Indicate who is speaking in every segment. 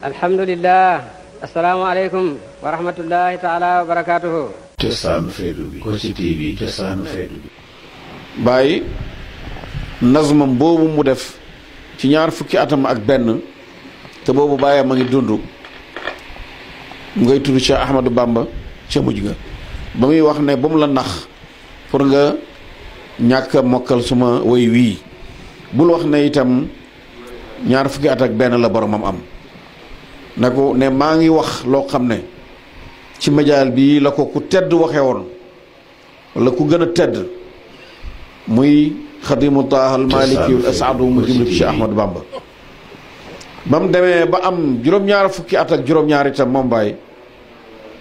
Speaker 1: alhamdulillah Assalamualaikum warahmatullahi taala wabarakatuh. barakatuhu cosaanu feydu TV cosaanu feydu bi bàyyi nasmam boobu mu def ci ñaar fukki atam ak benn te boobu bamba ca mujj ga ba muy wax nga ñàkk mokkal suma way wii bul wax ne itam ñaar fukki at ak la boromam am ne ne maa ngi wax loo xam ne ci médial bi la ko ku tedd waxee woon wala ku gën a tedd muy xadimu taahal maliki wul asaadu mu jublu ci Ahmadu Bamba ba mu demee ba am juróom-ñaar fukki at ak juróom-ñaar itam moom Baay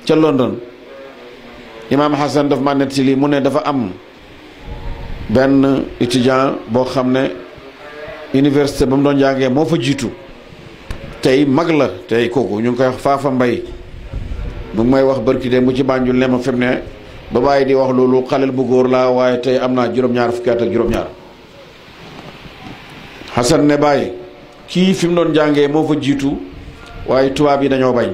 Speaker 1: ca London imaam Hassan daf ma netti lii mu ne dafa am benn étudiant boo xam ne université ba mu doon jàngee moo fa jiitu tey mag la tey kooku ñu ngi koy wax Faafa Mbay mu ngi may wax barki de mu ci Banjul ne ma fi ne ba bàyyi di wax loolu xalel bu góor laa waaye tey am naa juróom-ñaar fukki at ak juróom-ñaar Xasan ne bàyyi kii fi mu doon jàngee moo fa jiitu waaye tubaab yi dañoo bañ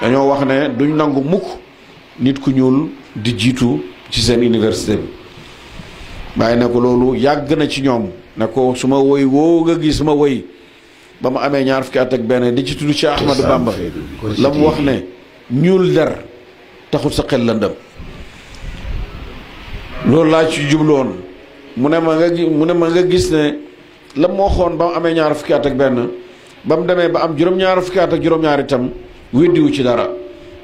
Speaker 1: dañoo wax ne duñ nangu mukk nit ku ñuul di jiitu ci seen université bi bàyyi na ko loolu yàgg na ci ñoom ne ko su ma woy woo nga gis ma woy ba mu amee ñaar fukki at ak benn di ci tudd Cheikh Ahmadou Bamba la mu wax ne ñuul der taxul sa xel lëndëm loolu laa ci jubloon mu ne ma nga mu ne ma nga gis ne la mu waxoon ba mu amee ñaar fukki at ak benn ba mu demee ba am juróom-ñaar fukki at ak juróom-ñaar itam weddiwu ci dara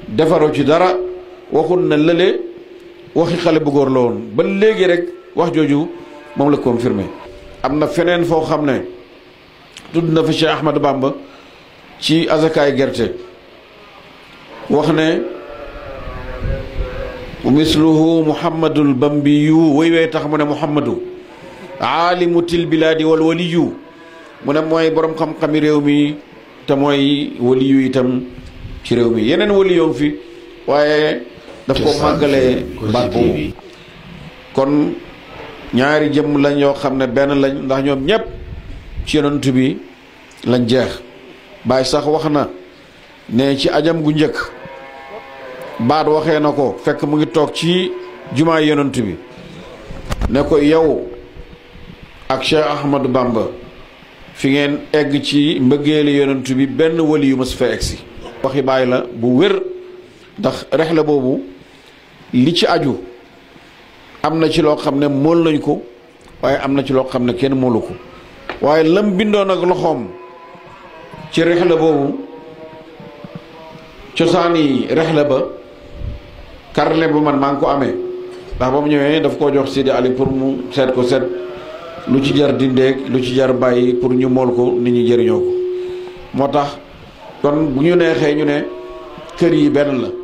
Speaker 1: defaru ci dara waxul ne lële waxi xale bu góor la woon ba léegi rek wax jooju moom la confirmé am na feneen foo xam ne tudd na fa Cheikh Ahmadou Bamba ci azakaay gerte wax ne misluhu muhammadul bambiyu way way tax mu ne muhammadu aalimu til bilaadi wal waliyu mu ne mooy borom xam-xami réew mi te mooy waliyu itam ci réew mi yeneen waliyoom fi waaye daf ko màggalee baat boobu kon ñaari jëm lañ yoo xam ne benn lañ ndax ñoom ñépp ci yonent bi lañ jeex Baay sax wax ne ci ajam gu njëkk baat waxee na ko fekk mu ngi ci yonent bi ne ko yow ak Cheikh Bamba fi ngeen egg ci mbëggeeli yonent bi Ben wali yu mas su fa egsi waxi Baay la bu wér ndax rexle boobu li ci aju am ci ne nañ ko waaye amna ci ne kenn moolu ko waaye lam bindoon ak loxoom ci rexla boobu cosaan yi rexle ba carnet bu man maa ngi ko amee ndax ba mu ñëwee daf koo jox Sidi Ali pour mu seet ko seet lu ci jar dindeeg lu ci jar bàyyi pour ñu mool ko nit ñi jëriñoo ko moo tax kon bu ñu neexee ñu ne kër yi benn la